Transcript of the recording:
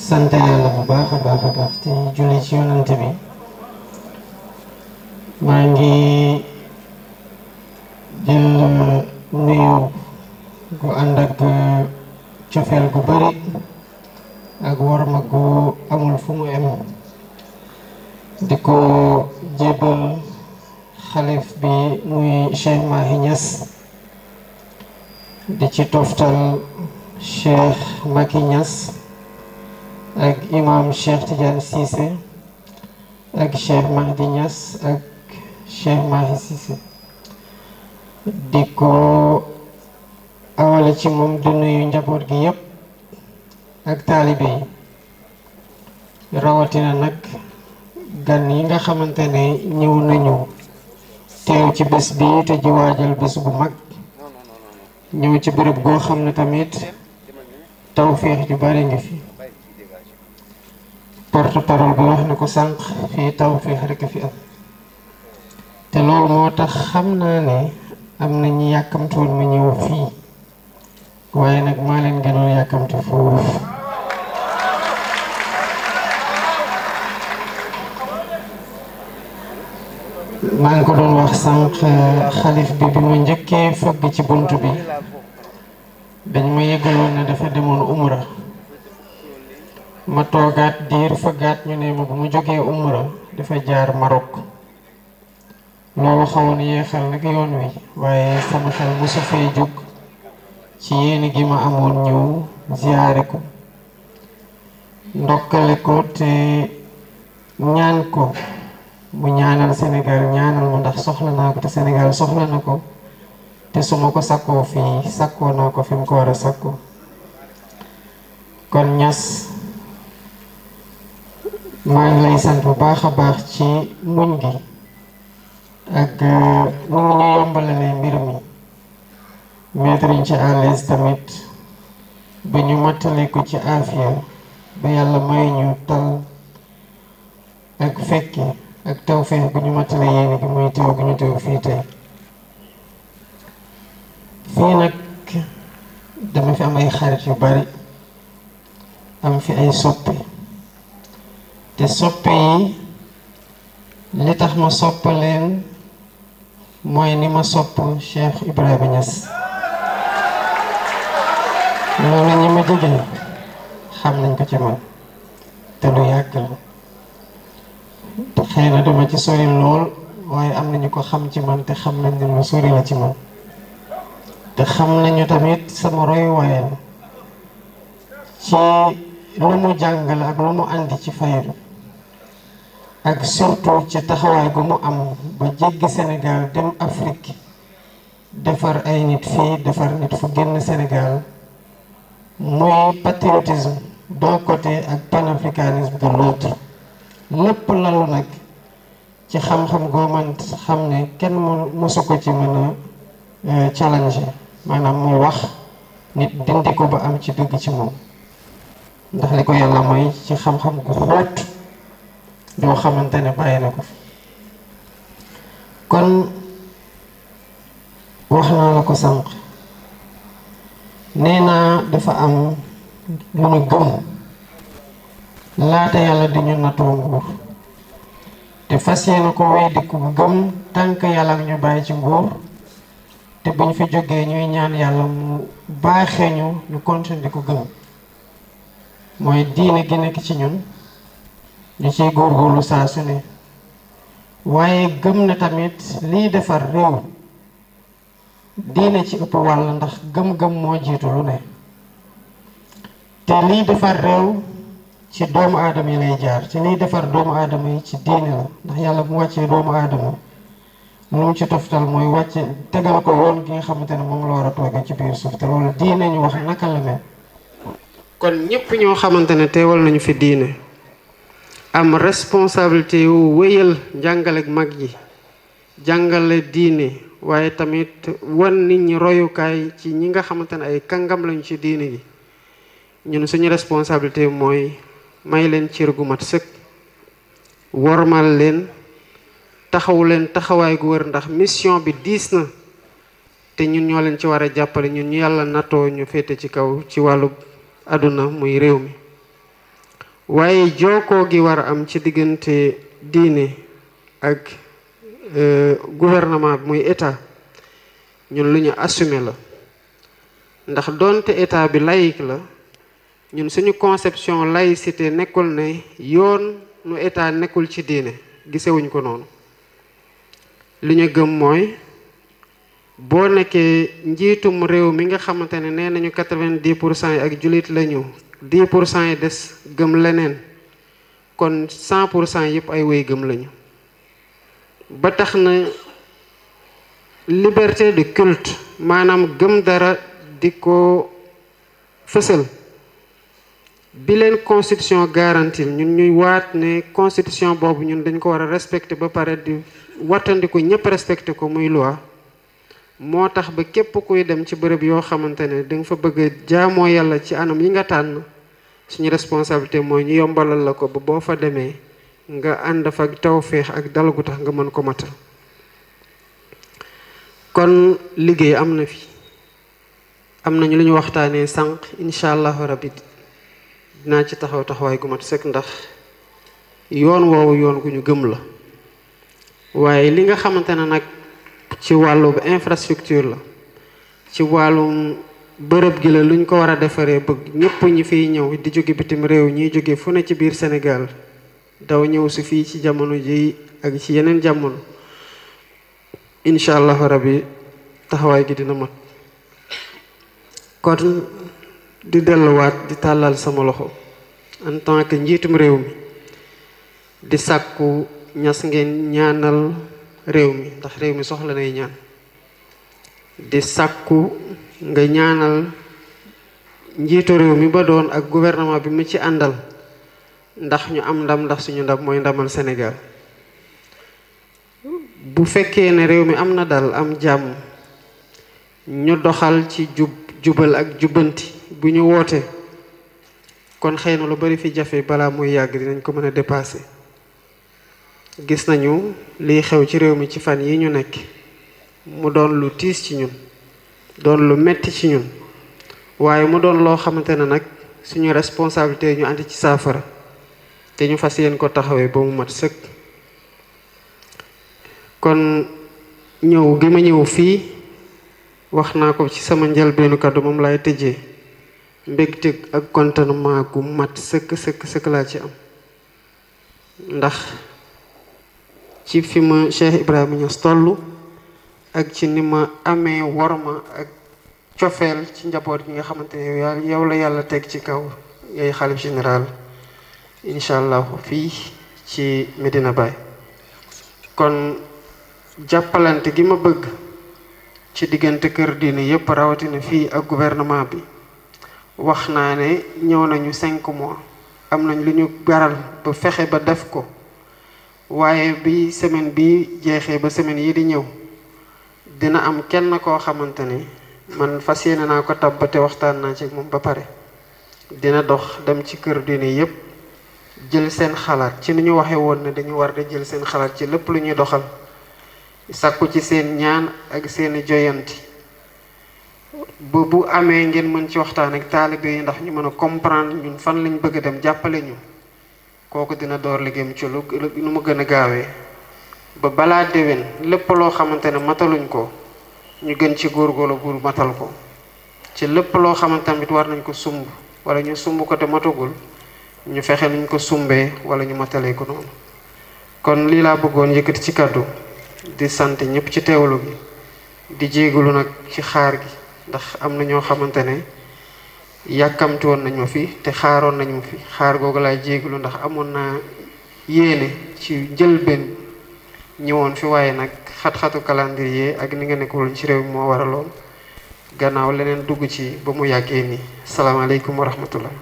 sant yàlla bu baax a baax a baax te ci yonante bi maa ngi jël nuyu gu ànd ak cofeel gu bari ak warma gu amul fu mu em di ko jébbal xalif bi muy Cheikh Mahi Niass di ci toftal Cheikh Macky Niass ak imam Cheikh Tidiane Cissé ak Cheikh Mahdi ñas ak Cheikh Mahi Cissé di ko awale ci moom di nuyu njaboot gi yëpp ak taalibe yi rawatina nag gan yi nga xamante ne ñëw nañu teew ci bés bi te ji bés bu mag ñëw ci bërëb goo xam ne tamit tawféex ju bari ngi fi porte parole ba wax na ko sànq fii taw fii rek fi am te loolu moo tax xam naa ne am na ñu yàkkamtoon ma ñëw fii waaye nag maa leen gënoon yàkkamte foofu maa ngi ko doon wax sànq xalif bi bi ma njëkkee fëgg ci bunt bi dañ ma yëgaloon ne dafa demoon ma toogaat diir fëggaat ñu ne ma bu ma jógee umra dafa jaar Maroc loolu xawoon yéexal nag yoon wi waaye sama xel mosu fee jóg ci yéen gi ma amoon ñëw ziyaare ko ndokkale ko te ñaan ko mu ñaanal Sénégal ñaanal ma ndax soxla naa ko te Sénégal soxla na ko te su ma ko sakkoo ko fi mu war a sakkoo kon ñas maa ngi lay sant bu baax a baax ci muñ gi ak nu mu ñu yombalalee mbir mi mettre ñu ci à tamit ba ñu mottale ko ci aafiya ba yàlla may ñu tal ak fekke ak tawfeex bu ñu mottale yéene gi muy teew gu ñu teew fii tey fii nag dama fi am ay xarit yu bari am fi ay soppi te soppe yi li tax ma sopp leen mooy ni ma sopp Cheikh Ibrahima Niass loolu ñi ma jege xam nañ ko ci man te lu yàgg la te xëy na dama ci sori lool waaye am nañu ko xam ci man te xam nañ ne lu sori la ci man te xam nañu tamit sama roy waaye ci lu mu jàngale ak lu mu andi ci fayadu ak surtout ci taxawaay gu mu am ba jéggi Sénégal dem Afrique defar ay nit fii defar nit fu génn Sénégal muy patriotisme doo côté ak panafricanisme de l'autre lépp lalu nag ci xam-xam gooman xam ne kenn mosu ko ci mën a euh, challenge maanaam mu wax nit dindi ko ba am ci dëgg ci moom ndax li ko yàlla mooy ci xam-xam gu xóot boo xamante ne bàyyi na ko kon wax naa la ko sànq nee naa dafa am lu ñu gëm laata yàlla di ñu natoo nguur te fas yéene ko wéy dikk bu gëm tànk yàlla ñu bàyyi ci nguur te buñ fi jógee ñuy ñaan yàlla mu baaxee ñu ñu continuer di ko gëm mooy diine gi nekk ci ñun ñu góor góorgóorlu saa su ne waaye gëm na tamit liy defar réew diine ci ëpp wàll ndax gëm-gëm moo jiitu lu ne te liy defar réew ci doomu aadama yi lay jaar ci liy defar doomu aadama yi ci diine la ndax yàlla bu wàccee doomu aadama lu mu ci toftal mooy wàcce tegal ko woon gi nga xamante ne moom la war a toogee ci biir suuf te loolu diine ñu wax naka la mel kon ñëpp ñoo xamante ne teewal nañu fi diine am responsabilité yu wéyal jàngale mag yi jàngale diine waaye tamit wan nit ñi royukaay ci ñi nga xamante ne ay kàngam lañu ci diine gi ñun suñu responsabilité mooy may leen ci gu mat sëkk wormal leen taxaw leen taxawaay gu wër ndax mission bi diis na te ñun ñoo leen ci war jàppale ñun ñu yàlla nattoo ñu féete ci kaw ci wàllu àdduna muy réew mi waaye jookoo gi war am ci diggante diine ak e, gouvernement bi muy état ñun lu ñu assumer la ndax doonte état bi laïque la ñun suñu conception laïcité nekkul ne yoon nu état nekkul ci diine gisewuñ ko noonu li ñu gëm mooy boo nekkee njiitum réew mi nga xamante ne nee nañu quatre vingt pour cent yi ak jullit lañu dix pour cent yi des gëm leneen kon cent pour cent yëpp ay woy gëm lañu ba tax na liberté de culte maanaam gëm dara di ko fësal bi leen constitution garantie ñun ñuy waat ne constitution boobu ñun dañ ko war a respecté ba pare di wattandiku ñëpp respecté ko muy loi moo tax ba képp kuy dem ci bërëb yoo xamante ne da nga fa bëgg a jaamoo yàlla ci anam yi nga tànn suñu responsabilité mooy ñu yombalal la ko ba boo fa demee nga ànd fa tawféex ak dal gu tax nga mën ko matal kon liggéey am na fi am nañu lu ñu waxtaanee sànq incha allahu rabbi dinaa ci taxaw taxawaay gu mat ndax yoon woowu yoon gu ñu gëm la waaye li nga xamante nag ci wàllu infrastructure la ci wàllu bërëb gi la luñ ko war a defaree bëgg ñëpp ñi fiy ñëw di jóge bitim réew ñuy jóge fu ne ci biir Sénégal daw ñëw si fii ci jamono ji ak ci yeneen jamono incha allahu rabbi taxawaay gi dina mat kon di delluwaat di tàllal sama loxo en tant que njiitum réew mi di sàkku ñas ngeen ñaanal réew mi ndax réew mi soxla nay ñaan di sàkku nga ñaanal njiitu réew mi ba doon ak gouvernement bi mu ci àndal ndax ñu am ndam ndax suñu ndam mooy ndamal Sénégal bu fekkee ne réew mi am na dal am jàmm ñu doxal ci jub jubal ak jubbanti bu ñu woote kon xëy na lu bari fi jafe balaa muy yàgg dinañ ko mën a dépasser gis nañu lii xew ci réew mi ci fan yi ñu nekk mu doon lu tiis ci ñun doon lu metti ci ñun waaye mu doon loo xamante ne nag suñu responsabilité ñu ànd ci saafara te ñu fas yéen ko taxawee ba mu mat sëkk kon ñëw gi ma ñëw fii wax naa ko ci sama njëlbeenu kàddu moom laay tëje mbégte ak contentement gu mat sëkk sëkk sëkk laa ci am ndax ci fi ma Cheikh Ibrahima Niass toll ak ci ni ma amee worma ak cofeel ci njaboot gi nga xamante ne yow la yàlla teg ci kaw yay xalif général incha allah fii ci Medina Baye kon jàppalante gi ma bëgg ci diggante kër diine yépp rawatina fii ak gouvernement bi wax naa ne ñëw nañu cinq mois am nañ lu ñu garal ba fexe ba def ko waaye bi semaine bi jeexee ba semaine yi di ñëw dina am kenn koo xamante ni man fas yéene naa ko tabbate waxtaan naa ci moom ba pare dina dox dem ci kër diine yépp jël seen xalaat ci ni ñu waxe woon ne dañu war di jël seen xalaat ci lépp lu ñuy doxal sàkku ci seen ñaan ak seeni joyanti ba bu amee ngeen mën ci waxtaan ak taalibe yi ndax ñu mën a comprendre ñun fan lañ bëgg a dem jàppale ñu kooku dina door liggéeyam ci lu nu mu gën a gaawee ba balaa déwén lépp loo xamante ne mataluñ ko ñu gën ci góor góorgóorlu pour matal ko ci lépp loo xamante tamit war nañ ko sumb wala ñu sumb ko te matagul ñu fexe nuñ ko sumbee wala ñu matalee ko noonu kon lii laa bëggoon yëkkati ci kàddu di sant ñëpp ci teewlu bi di jégalu nag ci xaar gi ndax am na ñoo xamante ne yàkkamti woon nañ ma fi te xaaroon nañ ma fi xaar googu laay jéeglu ndax amoon naa yéene ci njëlbeen ñëwoon fi waaye nag xat-xatu calendrier ak ni nga nekkul ci réew mi moo waraloon gannaaw leneen dugg ci ba mu yàggee nii salaamaaleykum wa rahmatullah